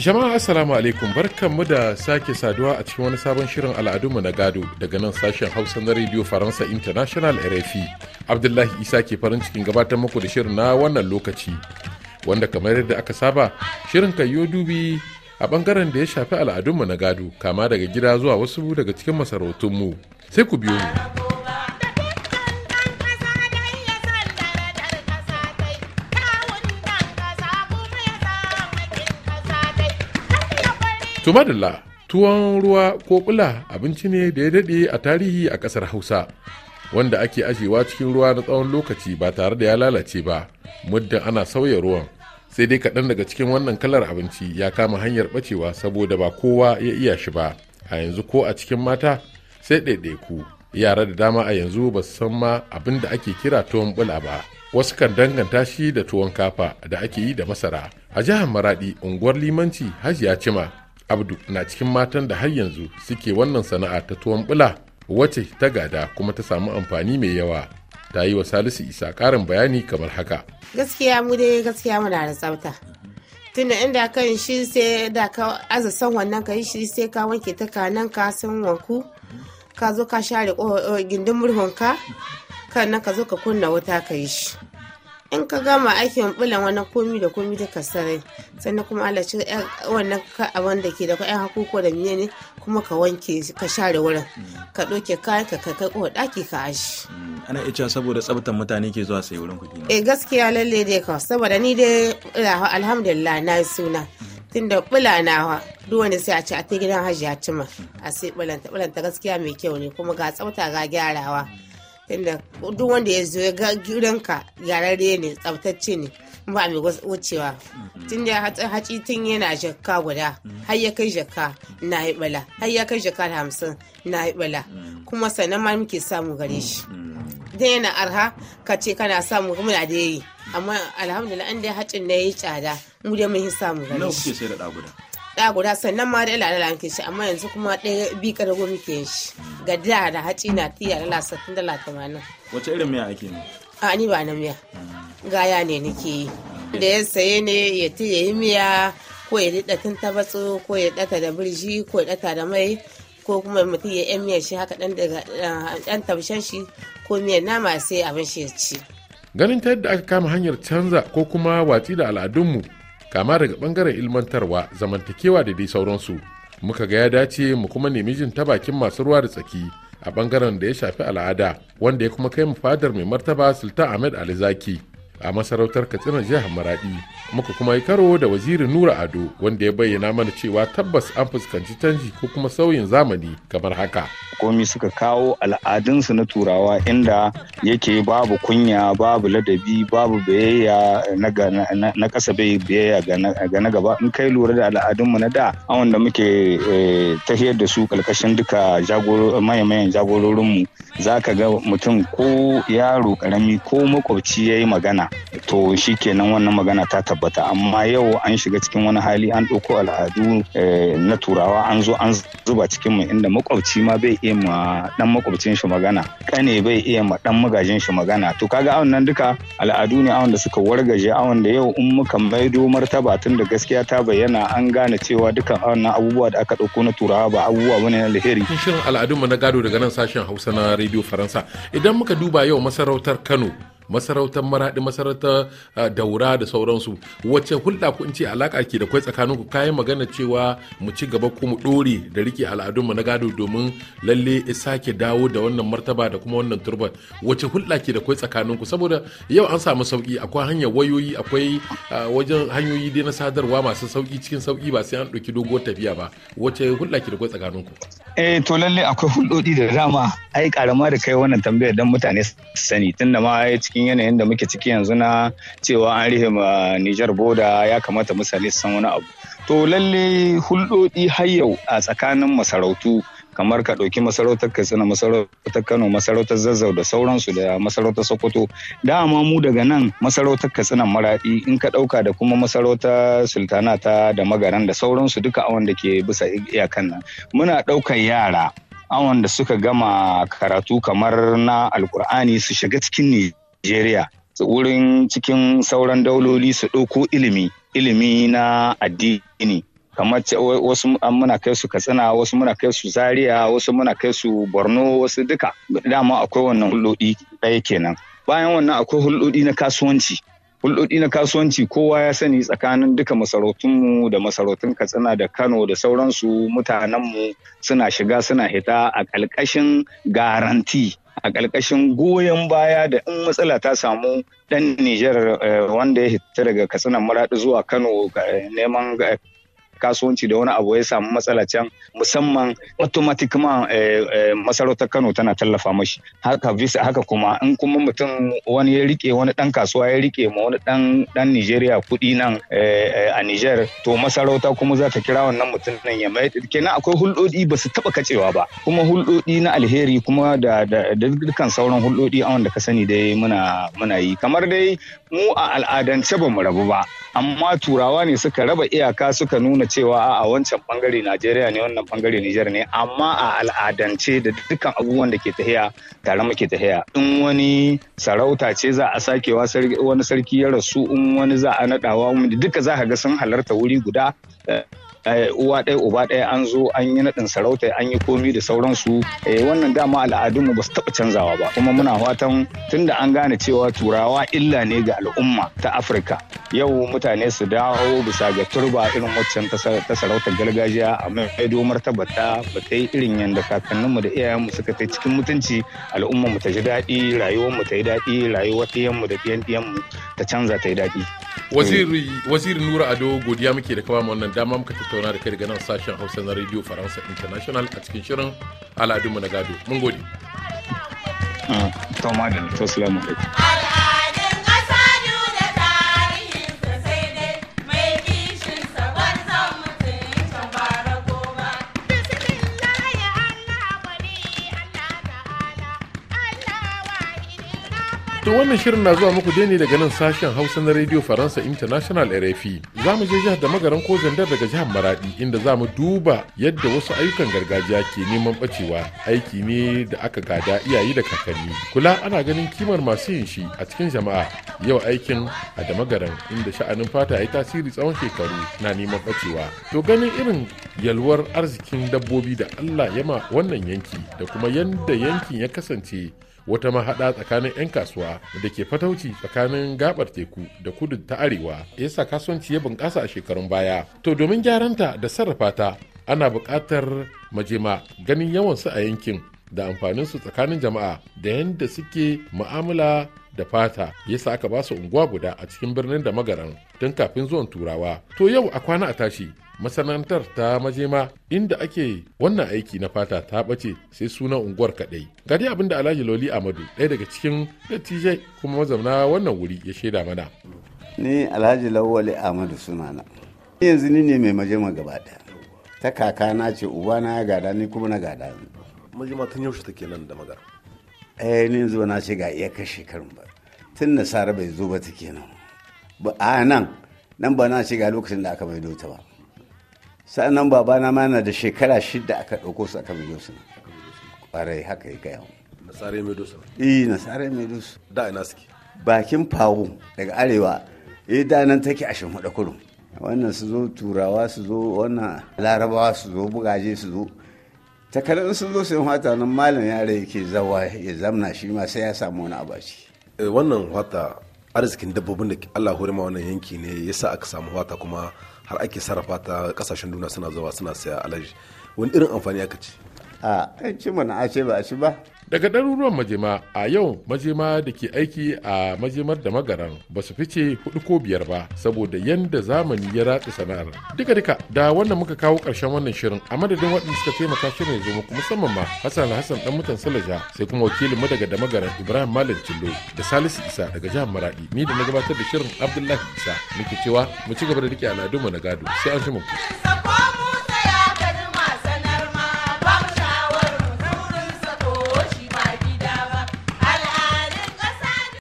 Jama'a Assalamu alaikum mu da sake saduwa a cikin wani sabon shirin al'adunmu na gado daga nan sashen Hausa na Radio Faransa International RFI. Abdullahi Isa ke farin cikin gabatar muku da shirin na wannan lokaci wanda kamar yadda aka saba shirin kan dubi a bangaren da ya shafi al'adunmu na gado kama daga gida zuwa wasu daga cikin masarautunmu. Sai ku biyo mu. Tumadalla tuwon ruwa ko kula abinci ne da ya daɗe a tarihi a ƙasar Hausa wanda ake ajiyewa cikin ruwa na tsawon lokaci ba tare da ya lalace ba muddin ana sauya ruwan sai dai kaɗan daga cikin wannan kalar abinci ya kama hanyar ɓacewa saboda ba kowa ya iya shi ba a yanzu ko a cikin mata sai ɗaiɗaiku yara da dama a yanzu ba su san ma abin da ake kira tuwon bula ba wasu kan danganta shi da tuwon kafa da ake yi da masara a jihar maradi unguwar limanci hajiya cima abdu na cikin matan da har yanzu suke wannan sana'a ta tuwon bula wacce ta gada kuma ta samu amfani mai yawa ta yi wa salisu isa karin bayani kamar haka gaskiya mu dai gaskiya muna da tsafta tunda inda kan shi sai da ka aza san wannan ka yi shi sai ka wanke ta kanan ka san wanku ka zo ka share oh, oh, gindin murhunka kan nan ka zo ka kunna wuta ka yi shi in ka gama aikin bulan wani komi da komi da kasarai sannan kuma Allah ci eh, wannan abin da ke da kwayan hakuku da miye ne kuma ka wanke ka share wurin ka ɗauke kayan ka kai ko ɗaki ka ashi. Mm, ana iya saboda tsabtan mutane ke zuwa sai wurin kudi eh gaskiya lalle dai ka saboda ni dai alhamdulillah na suna. tunda bula nawa duk sai a ce a ta gidan a cima a sai bulanta bulanta gaskiya mai kyau ne kuma ga tsabta ga gyarawa. inda duk wanda ya zo ya ga gidanka yararre ne tsabtacce ne ba mai wucewa tun da haci tun yana jakka guda mm-hmm. har ya kai jakka na yi bala har ya kai jakka da hamsin na yi bala mm-hmm. kuma sannan ma muke samu gare shi mm-hmm. dan yana arha ka ce kana samu muna da yi amma alhamdulillah an dai hacin na yi tsada mu dai mun samu gare shi. ɗaya guda sannan ma da ilala ke shi amma yanzu kuma ɗaya bi ƙarfi muke yin shi ga da da haci na tiya da lasattin da tamanin. wace irin miya ake ne? a ni ba na miya gaya ne nake yi da ya saye ne ya ta yi miya ko ya daɗa tun tabatsu ko ya ɗata da birji ko ya ɗata da mai ko kuma mutum ya yan miyar shi haka ɗan daga ɗan tabshen shi ko miyar nama sai abin shi ya ci. ganin ta yadda aka kama hanyar canza ko kuma watsi da al'adunmu kama daga bangaren ilmantarwa zamantakewa da dai sauransu muka ga ya dace mu kuma nemi jin ta bakin masu ruwa da tsaki a bangaren da ya shafi al'ada wanda ya kuma kai mu fadar mai martaba sultan ahmed alizaki. a masarautar katsina jihar maradi muka kuma yi karo da wazirin nura ado wanda ya bayyana mana cewa tabbas an fuskanci canji ko kuma sauyin zamani kamar haka komi suka kawo al'adunsu na turawa inda yake babu kunya babu ladabi babu biyayya na kasa bai biyayya ga na gaba in kai lura da al'adunmu na da awon da muke eh, tahiyar da su kalkashin duka mayan jagororinmu za ka ga mutum ko yaro karami ko makwabci ya yi magana to shi kenan wannan magana ta tabbata amma yau an shiga cikin wani hali an ɗauko al'adu eh, na turawa an zo an zuba cikin mu inda makwabci ma bai iya ma dan makwabcin shi magana kane bai iya ma dan magajin shi magana to kaga awon nan duka al'adu ne awon da suka wargaje awon da yau in muka maido martaba tun da gaskiya ta bayyana an gane cewa dukan awon nan abubuwa da aka ɗauko na turawa ba abubuwa bane na lahiri shirin al'adun mu na gado daga nan sashen Hausa na Radio Faransa idan muka duba yau masarautar Kano masarautar maraɗi masarautar ah, daura da sauransu wacce hulɗa ku in ce alaka ke da kwai tsakanin ku kayan magana cewa mu ci gaba ko mu ɗore da rike al'adunmu na gado domin lalle sake dawo da wannan martaba da kuma wannan turban wacce hulɗa ke da kwai tsakanin ku saboda yau an samu sauki akwai hanyar wayoyi akwai ah, wajen hanyoyi dai na sadarwa masu sauki cikin sauki ba sai an ɗauki doguwar tafiya ba wacce hulɗa ke da kwai tsakanin ku. eh to lalle akwai hulɗoɗi da dama ai karama da kai wannan tambayar don mutane sani. sani tunda ma cikin yanayin da muke ciki yanzu na cewa an rihe ma Niger boda ya kamata misali su san wani abu to lalle hulɗoɗi har yau a tsakanin masarautu kamar ka ɗauki masarautar katsina masarautar kano masarautar zazzau da sauransu da masarautar sokoto dama mu daga nan masarautar katsina maraɗi in ka ɗauka da kuma masarautar sultana ta da magaran da sauransu duka a wanda ke bisa iyakan nan muna ɗaukar yara awon da suka gama karatu kamar na alkur'ani su shiga cikin Nijeriya. wurin cikin sauran dauloli su ɗauko ilimi ilimi na addini kamar wasu muna kai su katsina wasu muna kai su zaria wasu muna kai su borno wasu duka dama akwai wannan hulɗoɗi ɗaya kenan bayan wannan akwai hulɗoɗi na kasuwanci hulɗoɗi na kasuwanci kowa ya sani tsakanin duka masarautunmu da masarautun katsina da kano da sauransu mutanenmu suna shiga suna hita a ƙalƙashin garanti a ƙalƙashin goyon baya da in matsala ta samu ɗan Nijar eh, wanda ya hita daga katsinan maraɗi zuwa Kano eh, neman eh, kasuwanci da wani abu ya samu matsala can musamman automatic ma eh, eh, masarautar Kano tana tallafa mashi haka bisa haka kuma in kuma mutum wani ya rike wani dan kasuwa ya rike ma wani dan dan Nigeria kuɗi nan eh, a Niger to masarauta kuma za ta kira wannan mutum nan ya mai kenan akwai hulɗoɗi ba su taɓa kacewa ba kuma hulɗoɗi na alheri kuma da dukkan sauran hulɗoɗi a wanda ka sani dai muna muna yi kamar dai mu a al'adance ba mu rabu ba amma turawa ne suka raba iyaka suka nuna cewa a wancan bangare najeriya ne wannan bangare nijar ne amma a al'adance da dukkan abubuwan da ke tahiya tare muke tahiya in wani sarauta ce za a sakewa wani sarki ya rasu in wani za a naɗawa duka za ka ga sun halarta wuri guda eh, Eh, uwa ɗaya uba ɗaya an zo an yi naɗin sarauta an yi komi da sauransu eh, wannan dama al'adunmu ba su taɓa canzawa ba kuma muna fatan tunda an gane cewa turawa illa ne ga al'umma ta afirka yau mutane su dawo bisa ga turba irin waccan ta sarautar gargajiya a mai domar ta ba ta yi irin yadda kakanninmu da iyayenmu suka ta cikin mutunci al'ummarmu ta ji daɗi rayuwarmu ta yi daɗi rayuwar ɗiyanmu da ɗiyan ɗiyanmu ta canza ta yi daɗi. waziri nura ado godiya muke da kama wannan dama muka tattauna da kai daga nan sashen hausa na radio faransa international a cikin shirin al'adunmu na gado mun gode ah, to to salamu To wannan shirin na zuwa muku ne daga nan sashen Hausa na Radio Faransa International RFI. Za mu je jihar da magaran ko zandar daga jihar Maradi inda za mu duba yadda wasu ayyukan gargajiya ke neman bacewa aiki ne da aka gada iyaye da kakanni. Kula ana ganin kimar masu yin shi a cikin jama'a yau aikin a da magaran inda sha'anin fata ya yi tasiri tsawon shekaru na neman bacewa. To ganin irin yalwar arzikin dabbobi da Allah ya ma wannan yanki da kuma yadda yankin ya kasance wata mahaɗa tsakanin 'yan kasuwa da ke fatauci tsakanin gabar teku da kudu ta arewa ya sa kasuwanci ya bunƙasa a shekarun baya to domin gyaranta da sarrafa ta ana buƙatar majema ganin yawan su a yankin da amfanin su tsakanin jama'a da yadda suke mu'amala da fata yasa aka ba su unguwa guda a cikin birnin da magaran tun kafin zuwan turawa to yau a kwana a tashi masana'antar ta majema inda ake wannan aiki na fata ta ɓace sai suna unguwar kaɗai ga dai abinda alhaji loli amadu ɗaya daga cikin dattijai kuma mazauna wannan wuri ya shaida mana ni alhaji lawali amadu na yanzu ni ne mai majema gaba ɗaya ta na ce na ya gada ni kuma na gada ni majema tun yaushe take nan da magar eh ni yanzu na ce ga iya iyakar shekarun ba tun nasara bai zo ba take nan ba a nan nan ba na ce ga lokacin da aka maido ta ba sa'annan babana ma na da shekara shida aka ɗauko su aka biyo su ƙwarai haka ya gaya nasare mai eh nasare mai dusu da ina suke bakin fawo daga arewa eh da nan take a shimfiɗa kurum wannan su zo turawa su zo wannan larabawa su zo bugaje su zo takarar sun zo sun hata nan malam yare yake zawa ya zamna shi ma sai ya samu wani abaci eh, wannan hata arzikin dabbobin da Allah hore ma wannan yanki ne yasa aka samu hata kuma har ake sarrafa ta kasashen duniya suna zuwa suna saya alaji wani irin amfani aka ci a an ci mana ashe ba ashe ba daga ɗaruruwan majema a yau majema da ke aiki a majemar da magaran ba su fice hudu ko biyar ba saboda yadda zamani ya ratsa sana'ar duka duka da wannan muka kawo ƙarshen wannan shirin a madadin waɗanda suka taimaka shirin ya zo muku musamman ma hassan hassan dan mutan salaja sai kuma wakilin mu daga damagaran ibrahim malam cillo da salisu isa daga jihar maradi ni da na gabatar da shirin abdullahi isa muke cewa mu ci gaba da rike al'adunmu na gado sai an shi mu